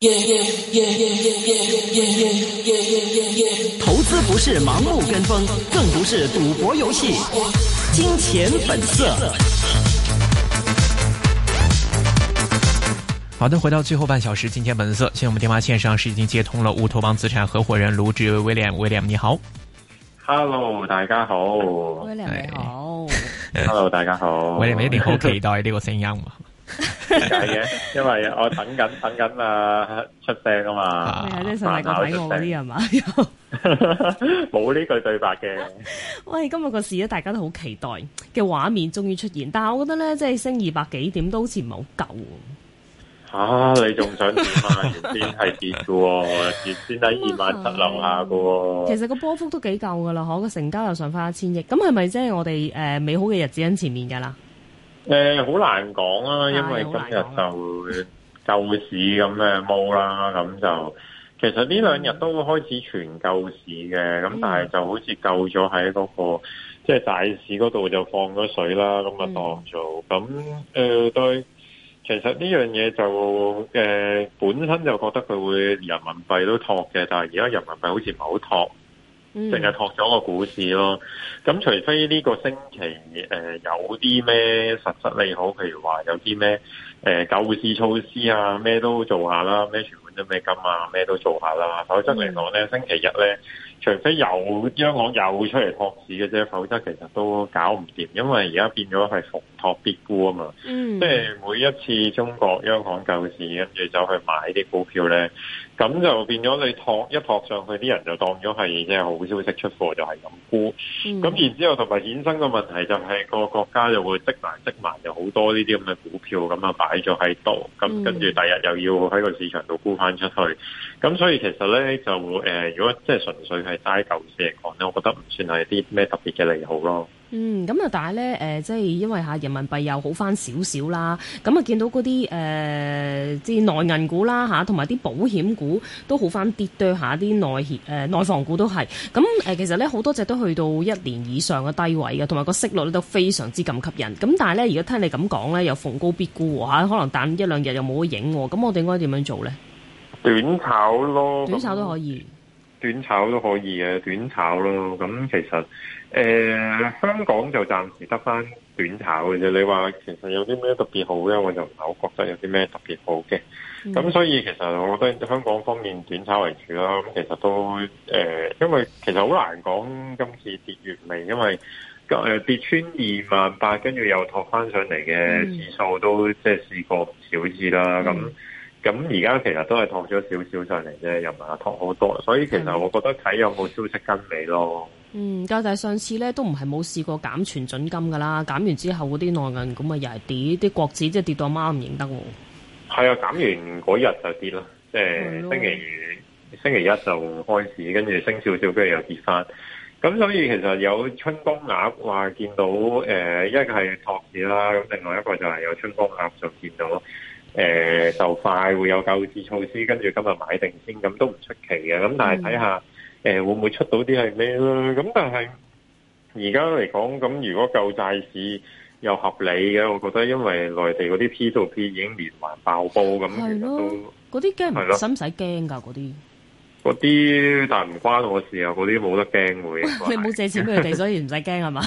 耶耶耶耶耶耶耶耶耶耶耶耶！投資不是盲目跟風，更不是賭博遊戲。金錢本色 。好的，回到最後半小時，金錢本色。現在我們電話線上是已經接通了烏托邦資產合伙人盧志威威廉，威廉你好。Hello，大家好。威廉你好。Hello，大家好。威廉一定好期待呢個聲音。點解嘅， 因為我等緊等緊啊出聲啊嘛，係啊，即係實係個底我啲係嘛，冇呢 句對白嘅。喂，今日個事咧，大家都好期待嘅畫面終於出現，但係我覺得咧，即係升二百幾點都好似唔係好夠。吓、啊，你仲想點啊？原先係跌嘅，原先喺二萬七樓下嘅。其實個波幅都幾夠噶啦，可個成交又上翻一千億，咁係咪即係我哋誒美好嘅日子喺前面噶啦？誒，好、嗯、難講啊，因為今日就救市咁嘅冇啦，咁就 其實呢兩日都開始傳救市嘅，咁但係就好似救咗喺嗰個即係、就是、大市嗰度就放咗水啦，咁啊當做咁誒、嗯、呃，對，其實呢樣嘢就誒、呃、本身就覺得佢會人民幣都托嘅，但係而家人民幣好似唔係好托。淨係、mm hmm. 托咗個股市咯，咁除非呢個星期誒、呃、有啲咩實質利好，譬如話有啲咩誒救市措施啊，咩都做下啦，咩全款都咩金啊，咩都做下啦。否則嚟講咧，星期日咧，除非有香港有出嚟托市嘅啫，否則其實都搞唔掂，因為而家變咗係服。必沽啊嘛，嗯、即係每一次中國央行救市，跟住就去買啲股票咧，咁就變咗你托一托上去，啲人就當咗係即係好消息出貨，就係咁沽。咁然、嗯、之後同埋衍生嘅問題就係、是、個國家就會積埋積埋，就好多呢啲咁嘅股票咁啊擺咗喺度，咁跟住第日又要喺個市場度沽翻出去。咁所以其實咧就誒、如、呃、果即係純粹係齋救市嚟講咧，我覺得唔算係啲咩特別嘅利好咯。嗯，咁、呃、啊，但係咧，誒，即係因為吓人民幣又好翻少少啦，咁、嗯、啊，見到嗰啲誒，即係內銀股啦吓，同埋啲保險股都好翻跌多下，啲內誒內房股都係，咁、嗯、誒、呃，其實咧好多隻都去到一年以上嘅低位嘅，同埋個息率都非常之咁吸引，咁、嗯、但係咧，而家聽你咁講咧，又逢高必沽吓、啊，可能彈一兩日又冇影，咁我哋應該點樣做咧？短炒咯，短炒都可以，短炒都可以嘅，短炒咯，咁其實。誒、呃、香港就暫時得翻短炒嘅啫，你話其實有啲咩特別好咧？因為我就唔係好覺得有啲咩特別好嘅。咁、嗯、所以其實我覺得香港方面短炒為主啦。咁其實都誒、呃，因為其實好難講今次跌完未，因為誒跌穿二萬八，跟住又托翻上嚟嘅指數都即係試過唔少次啦。咁咁而家其實都係托咗少少上嚟啫，又唔係托好多。所以其實我覺得睇有冇消息跟嚟咯。嗯，但係上次咧都唔係冇試過減存準金噶啦，減完之後嗰啲內銀咁啊又係跌，啲國指即係跌到阿媽唔認得喎。係啊，減完嗰日就跌咯，即、呃、係的星期二星期一就開始，跟住升少少，跟住又跌翻。咁所以其實有春江鴨話見到誒、呃，一個係托市啦，咁另外一個就係有春江鴨就見到誒，就、呃、快會有救市措施，跟住今日買定先，咁都唔出奇嘅。咁但係睇下。嗯誒，會唔會出到啲係咩咧？咁但係而家嚟講，咁如果救債市又合理嘅，我覺得因為內地嗰啲 P to P 已經連環爆煲，咁、嗯、的其實嗰啲驚唔使唔使驚噶嗰啲？嗰啲但唔關我事啊，嗰啲冇得驚會。 你冇借錢俾佢哋，所以唔使驚，係嘛？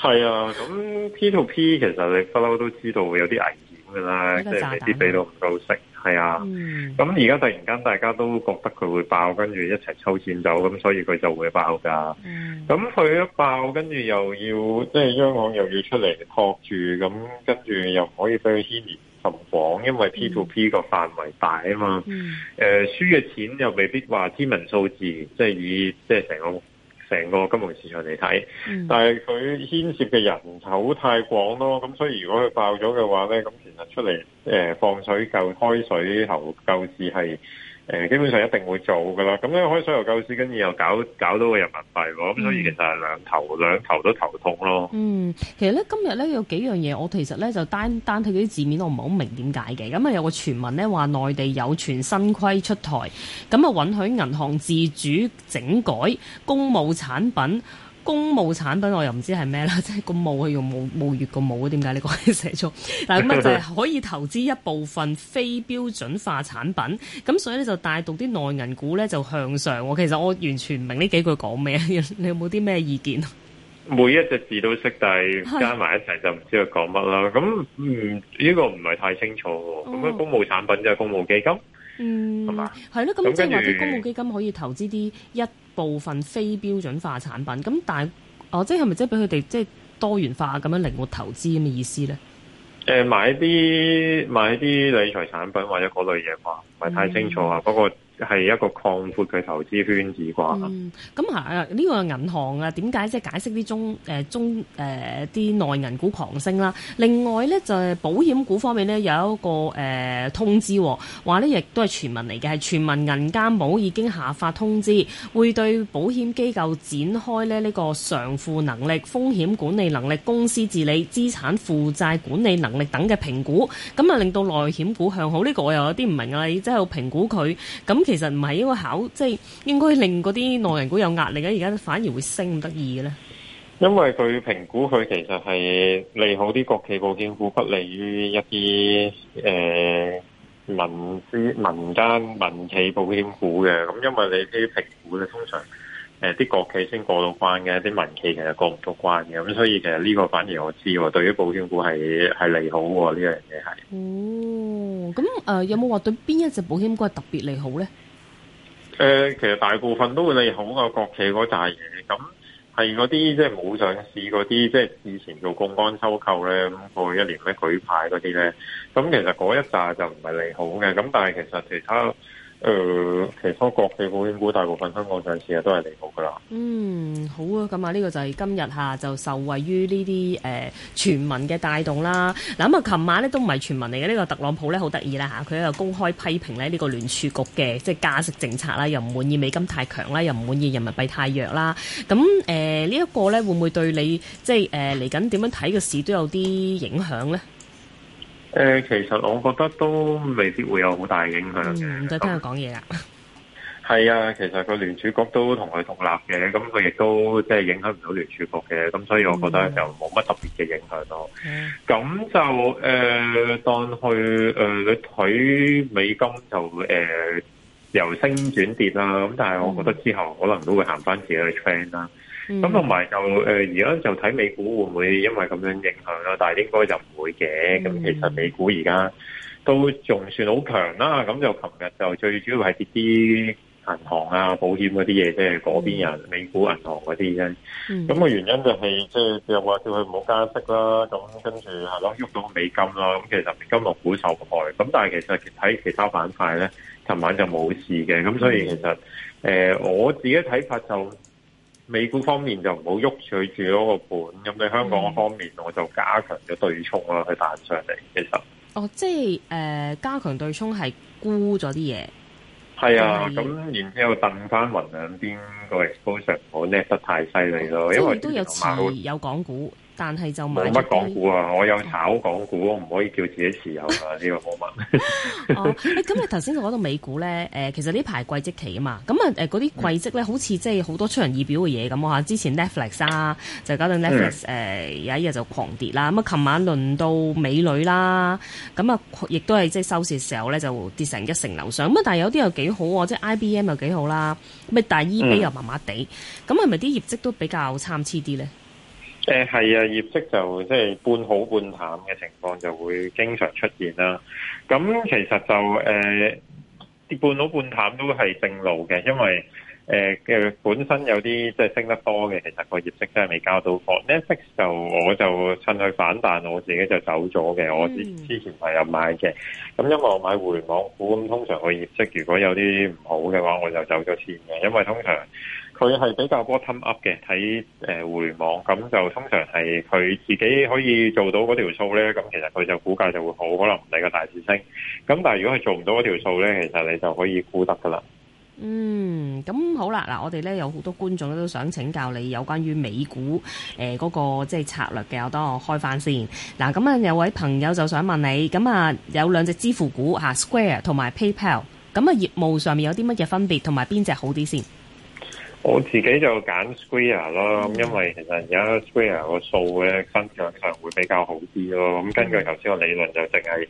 係啊， 咁 P to P 其實你不嬲都知道會有啲危險。啦，啊嗯、即係未必俾到唔夠食，係啊。咁而家突然間大家都覺得佢會爆，跟住一齊抽錢走，咁所以佢就會爆噶。咁、嗯、佢、嗯、一爆，跟住又要即係香港又要出嚟托住，咁跟住又唔可以俾佢牽連甚廣，因為 P to P 個範圍大啊嘛。誒、嗯嗯呃，輸嘅錢又未必話天文數字，即係以即係成個。成個金融市場嚟睇，但係佢牽涉嘅人口太廣咯，咁所以如果佢爆咗嘅話咧，咁其實出嚟，誒放水救開水喉救市係。誒，基本上一定會做噶啦，咁咧開水喉救市，跟住又搞搞到個人民幣，咁、嗯、所以其實係兩頭兩頭都頭痛咯。嗯，其實咧今日咧有幾樣嘢，我其實咧就單單睇嗰啲字面，我唔係好明點解嘅。咁、嗯、啊有個傳聞呢話內地有全新規出台，咁、嗯、啊允許銀行自主整改公募產品。公務產品我又唔知係咩啦，即係公務佢用冇務，務月個務，點解你講起寫錯？但咁啊，就係可以投資一部分非標準化產品，咁 所以咧就帶動啲內銀股咧就向上。其實我完全唔明呢幾句講咩，你有冇啲咩意見？每一隻字都識，但係加埋一齊就唔知佢講乜啦。咁 嗯，呢、呢個唔係太清楚喎。咁啊，公務產品就係公務基金。嗯，係咯嗎，咁、嗯、即係話啲公募基金可以投資啲一,一部分非標準化產品，咁但係哦，即係咪即係俾佢哋即係多元化咁樣靈活投資咁嘅意思咧？誒，買啲買啲理財產品或者嗰類嘢話，唔係太清楚啊，嗯、不過。係一個擴闊嘅投資圈子啩。咁啊、嗯，呢個銀行啊，點解即係解釋啲中誒、呃、中誒啲、呃、內銀股狂升啦？另外咧，就係、是、保險股方面咧，有一個誒、呃、通知、哦，話呢亦都係傳聞嚟嘅，係傳聞銀監保已經下發通知，會對保險機構展開咧呢、這個償付能力、風險管理能力、公司治理、資產負債管理能力等嘅評估。咁、嗯、啊，令到內險股向好。呢、這個我又有啲唔明啊，即係評估佢咁、嗯其實唔係一個考，即係應該令嗰啲內銀股有壓力嘅，而家反而會升唔得意嘅咧。因為佢評估佢其實係利好啲國企保險股，不利於一啲誒民資、民間、民企保險股嘅。咁因為你啲評估咧，通常誒啲、呃、國企先過到關嘅，啲民企其實過唔到關嘅。咁所以其實呢個反而我知，對於保險股係係利好嘅呢樣嘢係。這個就是、哦，咁誒有冇話對邊一隻保險股係特別利好咧？誒、呃，其實大部分都會利好個國企嗰扎嘢，咁係嗰啲即係冇上市嗰啲，即係以前做公安收購咧，過去一年咧舉牌嗰啲咧，咁其實嗰一扎就唔係利好嘅，咁但係其實其他。誒、呃，其他國際保險股大部分香港上市啊，都係利好噶啦。嗯，好啊，咁啊，呢個就係今日嚇就受惠於呢啲誒傳聞嘅帶動啦。嗱咁啊，琴、嗯、晚呢都唔係傳聞嚟嘅，呢、呢個特朗普咧好得意啦嚇，佢喺度、啊、公開批評咧呢、呢個聯儲局嘅即係加息政策啦、啊，又唔滿意美金太強啦、啊，又唔滿意人民幣太弱啦。咁、啊、誒、呃這個、呢一個咧會唔會對你即係誒嚟緊點樣睇嘅市都有啲影響咧？誒、呃，其實我覺得都未必會有好大影響嘅。唔使、嗯、聽佢講嘢啦。係、嗯、啊，其實個聯儲局都同佢獨立嘅，咁佢亦都即係影響唔到聯儲局嘅，咁、嗯、所以我覺得就冇乜特別嘅影響咯。咁、嗯、就誒、呃，當佢誒，佢、呃、睇美金就誒、呃、由升轉跌啦。咁、嗯嗯、但係我覺得之後可能都會行翻自己嘅 trend 啦。咁同埋就誒，而家就睇美股會唔會因為咁樣影響啦？但係應該就唔會嘅。咁、嗯、其實美股而家都仲算好強啦。咁就琴日就最主要係跌啲銀行啊、保險嗰啲嘢，即係嗰邊人、嗯、美股銀行嗰啲啫。咁個、嗯、原因就係即係就話、是、叫佢唔好加息啦。咁跟住係咯，喐到美金啦。咁其實金融股受害。咁但係其實睇其他板塊咧，琴晚就冇事嘅。咁所以其實誒、呃，我自己睇法就。美股方面就唔好喐住佢住嗰個盤，咁你香港方面我就加強咗對沖啦、啊，佢彈上嚟。其實哦，即係誒、呃，加強對沖係沽咗啲嘢，係啊。咁、就是、然之後掟翻雲兩邊個高上，好，叻得太犀利咯，即係、嗯、因為 都有持后有港股。但係就冇乜講股啊！我有炒港股，唔、哦、可以叫自己持有啊！呢 個我問。咁、 啊、你頭先就講到美股咧，誒、呃，其實呢排季績期啊嘛，咁啊誒嗰啲季績咧，嗯、好似即係好多出人意表嘅嘢咁啊！之前 Netflix 啊，就搞到 Netflix、啊嗯啊、有一日就狂跌啦。咁、嗯、啊，琴、嗯、晚輪到美女啦，咁、嗯、啊，亦都係即係收市時候咧就跌成一成樓上。咁啊、就是，但係有啲又幾好喎，即係 IBM 又幾好啦。咁啊，但係 e b m 又麻麻地，咁係咪啲業績都比較參差啲咧？誒係啊，業績就即係半好半淡嘅情況就會經常出現啦。咁其實就誒啲、呃、半好半淡都係正路嘅，因為誒嘅、呃、本身有啲即係升得多嘅，其實個業績真係未交到貨。Netflix 就我就趁佢反彈，我自己就走咗嘅。我之之前係有買嘅，咁因為我買互聯網股，咁通常個業績如果有啲唔好嘅話，我就走咗先嘅，因為通常。佢係比較 bottom up 嘅睇誒互聯網，咁就通常係佢自己可以做到嗰條數咧，咁其實佢就估價就會好可能唔係個大市升。咁但係如果佢做唔到嗰條數咧，其實你就可以沽得噶啦。嗯，咁好啦，嗱，我哋咧有好多觀眾都想請教你有關於美股誒嗰、呃嗰個即係策略嘅，我當我開翻先嗱。咁啊，有位朋友就想問你咁啊，有兩隻支付股啊，Square 同埋 PayPal 咁啊，Pal，業務上面有啲乜嘢分別，同埋邊隻好啲先？我自己就揀 Square 咯，咁因為其實而家 Square 個數咧，增長上會比較好啲咯。咁根據頭先個理論就淨係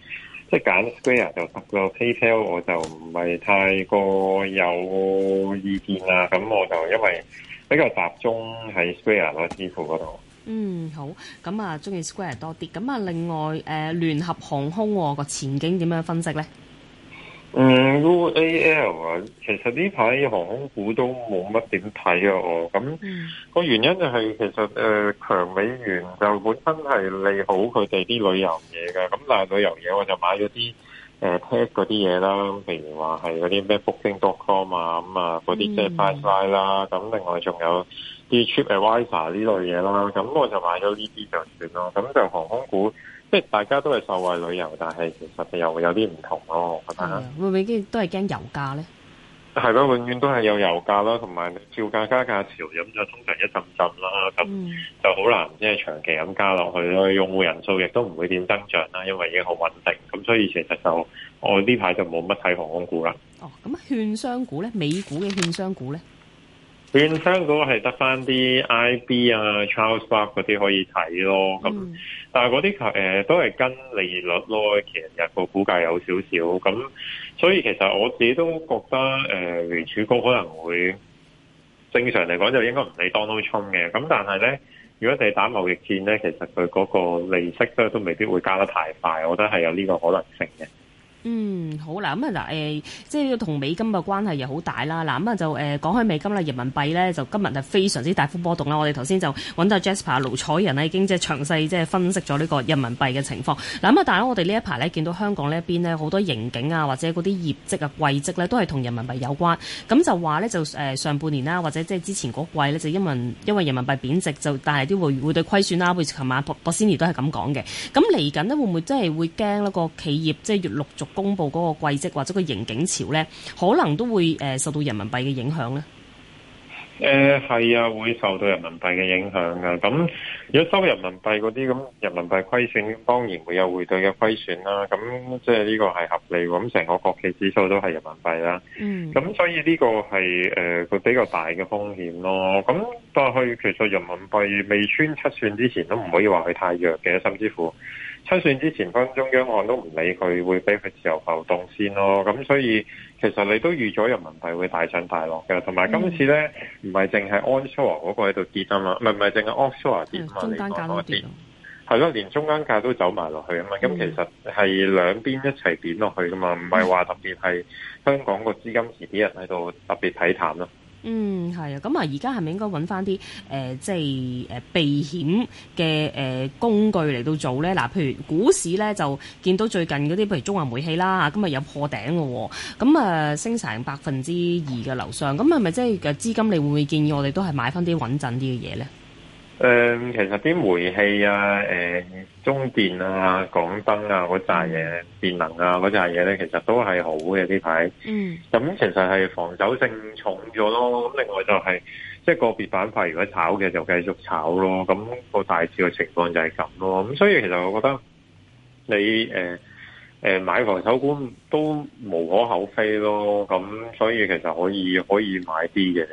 即係揀 Square 就得咯，PayPal 我就唔係太過有意見啦。咁我就因為比較集中喺 Square 個支付嗰度。嗯，好。咁啊，鍾意 Square 多啲。咁啊，另外誒、呃、聯合航空個前景點樣分析咧？嗯，UAL 啊，mm hmm. 其實呢排航空股都冇乜點睇啊，我咁個原因就係，其實誒強、呃、美元就本身係利好佢哋啲旅遊嘢噶，咁但係旅遊嘢我就買咗啲誒 test 嗰啲嘢啦，譬如話係嗰啲咩 Booking.com 啊，咁啊嗰啲即係 FlixBus 啦，咁另外仲有啲 TripAdvisor 呢類嘢啦，咁我就買咗呢啲就算咯，咁就航空股。即係大家都係受惠旅遊，但係其實又會有啲唔同咯。係咪、啊？會唔會都係驚油價咧？係咯吧，永遠、嗯、都係有油價啦，同埋照價加價潮，咁就通常一浸浸啦，咁就好難即係長期咁加落去啦。用戶人數亦都唔會點增長啦，因為已經好穩定。咁所以其實就我呢排就冇乜睇航空股啦。哦，咁啊，券商股咧，美股嘅券商股咧？券商嗰個係得翻啲 IB 啊、Charles Schwab 嗰啲可以睇咯，咁、嗯、但係嗰啲誒都係跟利率咯，其實個估價有少少咁，所以其實我自己都覺得誒，年、呃、高可能會正常嚟講就應該唔理 Donald Trump 嘅，咁但係咧，如果你打貿易戰咧，其實佢嗰個利息都都未必會加得太快，我覺得係有呢個可能性嘅。嗯，好啦，咁啊嗱，誒，即係要同美金嘅關係又好大啦，嗱，咁啊就誒講開美金啦，人民幣咧就今日係非常之大幅波動啦，我哋頭先就揾咗 Jasper 盧彩仁咧，已經即係詳細即係分析咗呢個人民幣嘅情況，嗱，咁啊，但係我哋呢一排咧見到香港呢一邊呢好多盈警啊，或者嗰啲業績啊、季績咧都係同人民幣有關，咁就話咧就誒上半年啦，或者即係之前嗰季咧就因為因為人民幣貶值就，但係都會會對虧損啦，譬如琴晚博博都係咁講嘅，咁嚟緊呢，會唔會真係會驚咧個企業即係越陸續。公布嗰個季績或者個盈警潮呢，可能都會誒、呃、受到人民幣嘅影響呢。誒係啊，會受到人民幣嘅影響嘅。咁如果收人民幣嗰啲，咁人民幣虧損當然會有匯兌嘅虧損啦。咁即係呢個係合理。咁成個國企指數都係人民幣啦。嗯。咁所以呢個係誒個比較大嘅風險咯。咁但係其實人民幣未穿七算之前，都唔可以話佢太弱嘅，甚至乎，七算之前，分中央岸都唔理佢，會俾佢自由浮動先咯。咁所以其實你都預咗人民幣會大上大落嘅。同埋今次咧，唔係淨係 onshore 嗰個喺度跌啊嘛，唔係唔係淨係 offshore 跌啊嘛，連中間價都跌。係咯，連中間價都走埋落去啊嘛。咁其實係兩邊一齊跌落去噶嘛，唔係話特別係香港個資金池啲人喺度特別睇淡咯。嗯，係啊，咁啊，而家係咪應該揾翻啲，誒，即係誒、呃、避險嘅誒工具嚟到做咧？嗱、呃，譬如股市咧，就見到最近嗰啲，譬如中華煤氣啦，今日有破頂嘅、哦，咁啊、呃、升成百分之二嘅樓上，咁係咪即係嘅資金你會唔會建議我哋都係買翻啲穩陣啲嘅嘢咧？誒、呃，其實啲煤氣啊、誒、呃、中電啊、港燈啊嗰扎嘢、電能啊嗰扎嘢咧，其實都係好嘅呢排。嗯，咁其實係防守性重咗咯。咁另外就係、是、即係個別板塊如果炒嘅就繼續炒咯。咁個大致嘅情況就係咁咯。咁所以其實我覺得你誒誒、呃呃、買防守股都無可厚非咯。咁所以其實可以可以買啲嘅。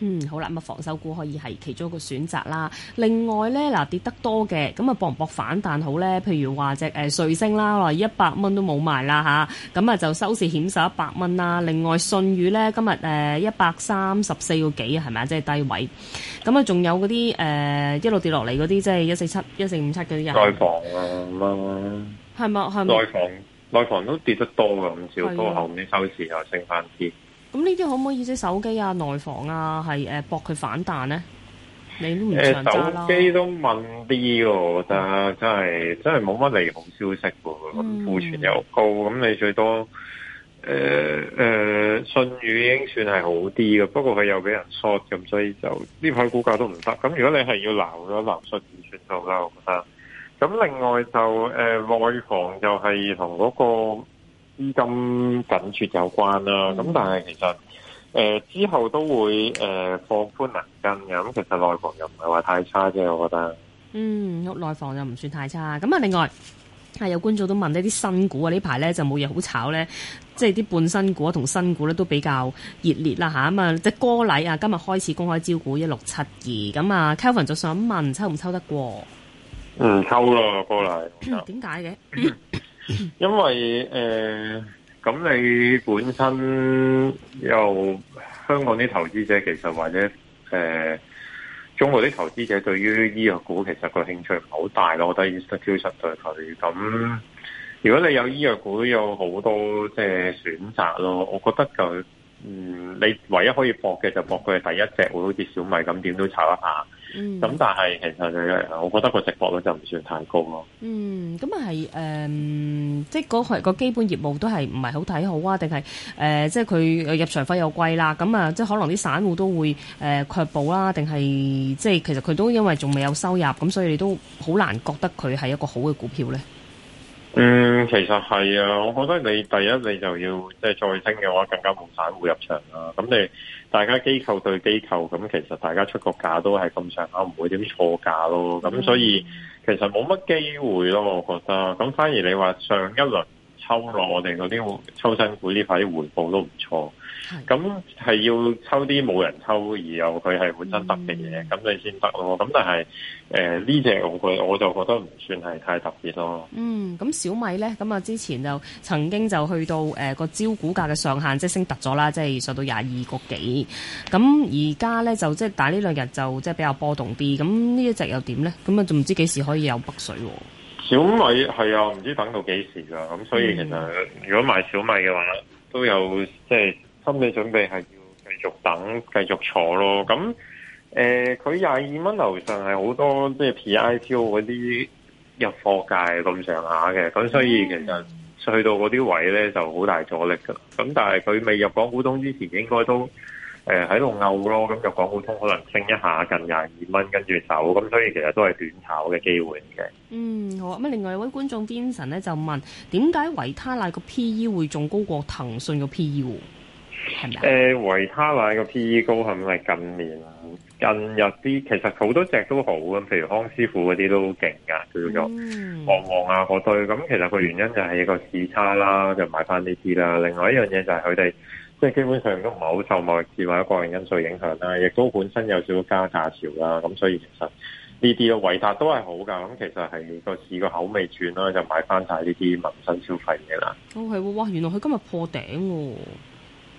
嗯，好啦，咁啊，防守股可以係其中一個選擇啦。另外咧，嗱、啊、跌得多嘅，咁啊搏唔搏反彈好咧？譬如話隻誒瑞星啦，嗱一百蚊都冇賣啦吓，咁啊就收市顯示一百蚊啦。另外信宇咧今日誒一百三十四個幾係咪？即係低位。咁啊仲有嗰啲誒一路跌落嚟嗰啲，即係一四七一四五七嗰啲人。內房啊，係咪係咪？內房內房都跌得多噶，唔少，不過的後尾收市又升翻啲。咁呢啲可唔可以即手機啊、內房啊，係誒搏佢反彈咧？你都唔想手機都悶啲，我覺得真係真係冇乜利好消息嘅，咁庫存又高，咁你最多誒誒，信宇已經算係好啲嘅，不過佢又俾人 short，咁所以就呢排股價都唔得。咁如果你係要留咗留信宇算數啦，我覺得。咁、嗯呃呃、另外就誒，內、呃、房就係同嗰個。資金緊絀有關啦、啊，咁、嗯、但係其實誒、呃、之後都會誒、呃、放寬能跟嘅，咁其實內房又唔係話太差啫，我覺得。嗯，屋內房又唔算太差，咁啊，另外係有觀眾都問呢啲新股啊呢排咧就冇嘢好炒咧，即係啲半新股同新股咧都比較熱烈啦吓，咁啊，即係歌禮啊，今日開始公開招股一六七二，咁啊，Kevin 就想問抽唔抽得過？唔、嗯、抽咯，歌禮。點解嘅？ 因為誒，咁、呃、你本身又香港啲投資者其實或者誒、呃，中國啲投資者對於醫藥股其實個興趣唔係好大咯，我覺得。StaQ 實在佢咁，如果你有醫藥股，都有好多即係選擇咯。我覺得就嗯，你唯一可以博嘅就博佢係第一隻，會好似小米咁，點都炒一下。嗯，咁但係其實你，我覺得個值搏率就唔算太高咯，嗯。嗯，咁啊係，誒，即係嗰個基本業務都係唔係好睇好啊？定係誒，即係佢入場費又貴啦，咁，嗯呃，啊，即係可能啲散戶都會誒卻步啦？定係即係其實佢都因為仲未有收入，咁所以你都好難覺得佢係一個好嘅股票咧。嗯，其實係啊，我覺得你第一你就要即係、就是、再升嘅話，更加冇散戶入場啦。咁你大家機構對機構，咁其實大家出個價都係咁上下，唔、啊、會點錯價咯。咁所以其實冇乜機會咯，我覺得。咁反而你話上一輪。抽落我哋嗰啲抽新股呢塊啲回報都唔錯，咁係要抽啲冇人抽而又佢係本身特嘅嘢，咁你先得咯。咁但係誒呢隻我佢我就覺得唔算係太特別咯。嗯，咁小米呢，咁啊之前就曾經就去到誒、呃、個招股價嘅上限，即升突咗啦，即係上到廿二個幾。咁而家呢，就即係但呢兩日就即係比較波動啲。咁呢一隻又點呢？咁啊仲唔知幾時可以有北水、哦？小米係啊，唔知等到幾時㗎咁，所以其實如果買小米嘅話，都有即係、就是、心理準備係要繼續等、繼續坐咯。咁誒，佢廿二蚊樓上係好多即係 P I U 嗰啲入貨界咁上下嘅，咁所以其實去到嗰啲位咧就好大阻力㗎。咁但係佢未入港股通之前，應該都。誒，喺度拗咯，咁就講普通可能升一下，近廿二蚊，跟住走，咁所以其實都係短炒嘅機會嘅。嗯，好。咁、嗯、另外一位觀眾 Vincent 咧，就問，點解維他奶個 P E 會仲高過騰訊嘅 P E？係咪誒，維、呃、他奶個 P E 高係咪近年近日啲？其實好多隻都好嘅，譬如康師傅嗰啲都好勁噶，叫做旺旺啊嗰對。咁、嗯、其實個原因就係一個市差啦，嗯、就買翻呢啲啦。另外一樣嘢就係佢哋。即係基本上都唔係好受貿易戰或者個人因素影響啦，亦都本身有少少加價潮啦，咁所以其實呢啲嘅維達都係好噶，咁其實係個市個口味轉啦，就買翻晒呢啲民生消費嘢啦。哦係，哇，原來佢今日破頂喎，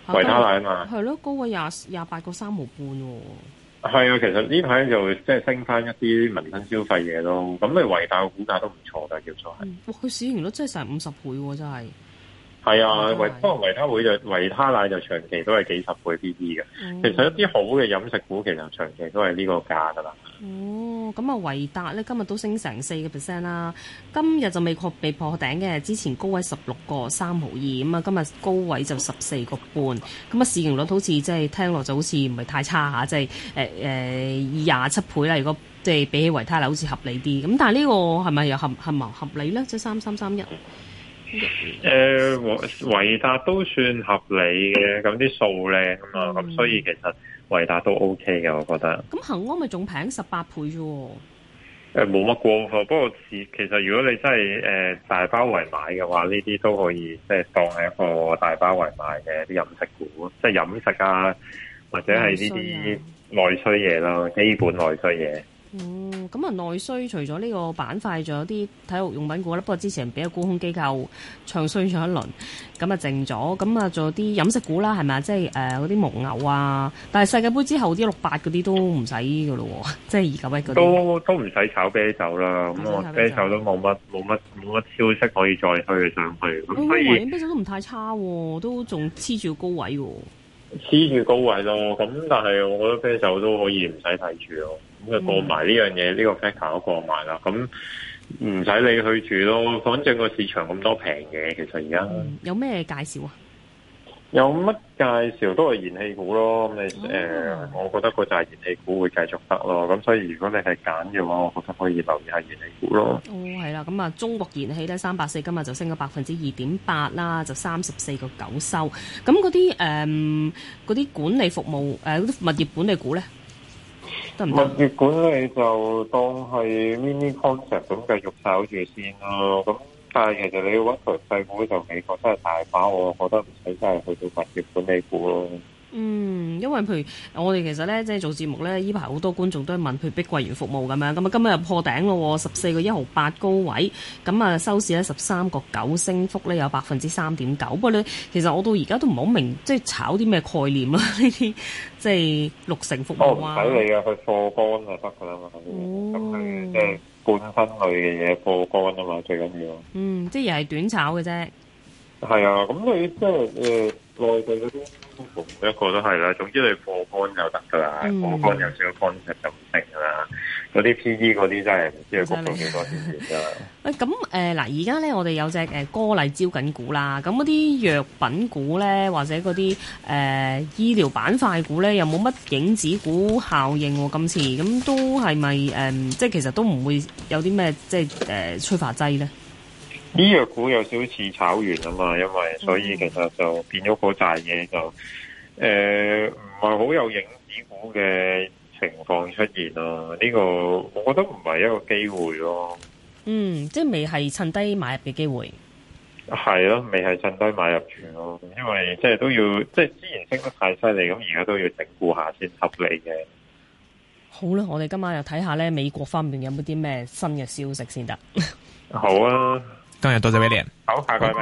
維他奶啊嘛，係咯，高位廿廿八個三毫半喎。係啊，其實呢排就即係升翻一啲民生消費嘢咯，咁你維達個股價都唔錯噶，叫做係。佢市盈率真係成五十倍，真係喎。真係啊，維多、哦、維他會就、哦、維他奶就長期都係幾十倍 B B 嘅。哦、其實一啲好嘅飲食股其實長期都係呢個價噶啦。哦，咁啊，維達咧今日都升成四個 percent 啦。今日就未破未破頂嘅，之前高位十六個三毫二，咁啊今日高位就十四個半。咁啊市盈率好似即係聽落就好似唔係太差下，即係誒誒廿七倍啦。如果即係、就是、比起維他奶好似合理啲，咁但係呢個係咪又合合合理咧？即係三三三一。誒，維達、嗯呃，都算合理嘅，咁啲數靚啊嘛，咁、嗯、所以其實維達都 OK 嘅，我覺得。咁恆、嗯、安咪仲平十八倍啫。誒、呃，冇乜過火，不過其實如果你真係誒、呃、大包圍買嘅話，呢啲都可以，即、就、係、是、當係一個大包圍買嘅啲飲食股，即係飲食啊，或者係呢啲內需嘢咯，基本內需嘢。嗯咁啊、嗯，內需除咗呢個板塊，仲有啲體育用品股啦。不過之前俾個沽空機構唱衰咗一輪，咁啊靜咗。咁啊，仲有啲飲食股啦，係咪？即係誒嗰啲蒙牛啊。但係世界盃之後啲六八嗰啲都唔使噶咯，即係二九一嗰啲。都都唔使炒啤酒啦。咁我啤，啤酒都冇乜冇乜冇乜消息可以再推佢上去、哎。啤酒都唔太差、啊，都仲黐住高位喎、啊。黐住高位咯，咁但係我覺得啤酒都可以唔使睇住咯。咁佢過埋呢樣嘢，呢、嗯、個 factor 都過埋啦，咁唔使你去住咯，反正個市場咁多平嘅，其實而家、嗯、有咩介紹啊？有乜介紹都係燃氣股咯，你、嗯、誒、嗯呃，我覺得個就係燃氣股會繼續得咯。咁、嗯、所以如果你係揀嘅話，我覺得可以留意下燃氣股咯。哦，係啦，咁、嗯、啊，中國燃氣咧，三百四今日就升咗百分之二點八啦，就三十四個九收。咁嗰啲誒，啲、嗯嗯、管理服務誒，嗰、呃、啲物業管理股咧，行行物業管理就當係 mini contract 咁繼續守住先咯。嗯但係，其實你要揾台細股就美國真係大把，我覺得唔使真係去到物業管理股咯。嗯，因為譬如我哋其實咧，即係做節目咧，依排好多觀眾都係問佢碧桂園服務咁樣，咁啊今日又破頂咯，十四個一毫八高位，咁、嗯、啊收市咧十三個九呢，升幅咧有百分之三點九。不過咧，其實我到而家都唔好明，即係炒啲咩概念啦？呢啲即係綠城服務啊？哦，你啊，去貨干就得噶啦嘛。哦。半分類嘅嘢破干啊嘛，最緊要。嗯是是。 嗯，即係又係短炒嘅啫。係啊，咁你即係誒，內地嗰啲每一個都係啦。總之你破干就得噶啦，破干有成個方式就唔定噶啦。嗰啲 P.E. 嗰啲真係唔知係焗到幾多啲嘢啫。咁誒嗱，而家咧我哋有隻誒、呃、歌禮招緊股啦。咁嗰啲藥品股咧，或者嗰啲誒醫療板塊股咧，又有冇乜影子股效應、哦？今次咁、嗯、都係咪誒，即係其實都唔會有啲咩即係誒催化劑咧？呃、劑呢醫藥股有少少似炒完啊嘛，因為所以其實就變咗好大嘢，就誒唔係好有影子股嘅。情況出現啦、啊，呢個我覺得唔係一個機會咯、啊。嗯，即係未係趁低買入嘅機會。係咯、啊，未係趁低買入住咯，因為即係都要，即係之前升得太犀利，咁而家都要整固下先合理嘅。好啦，我哋今晚又睇下咧，美國方面有冇啲咩新嘅消息先得。 好啊，今日多謝 William，好，好，下個禮拜。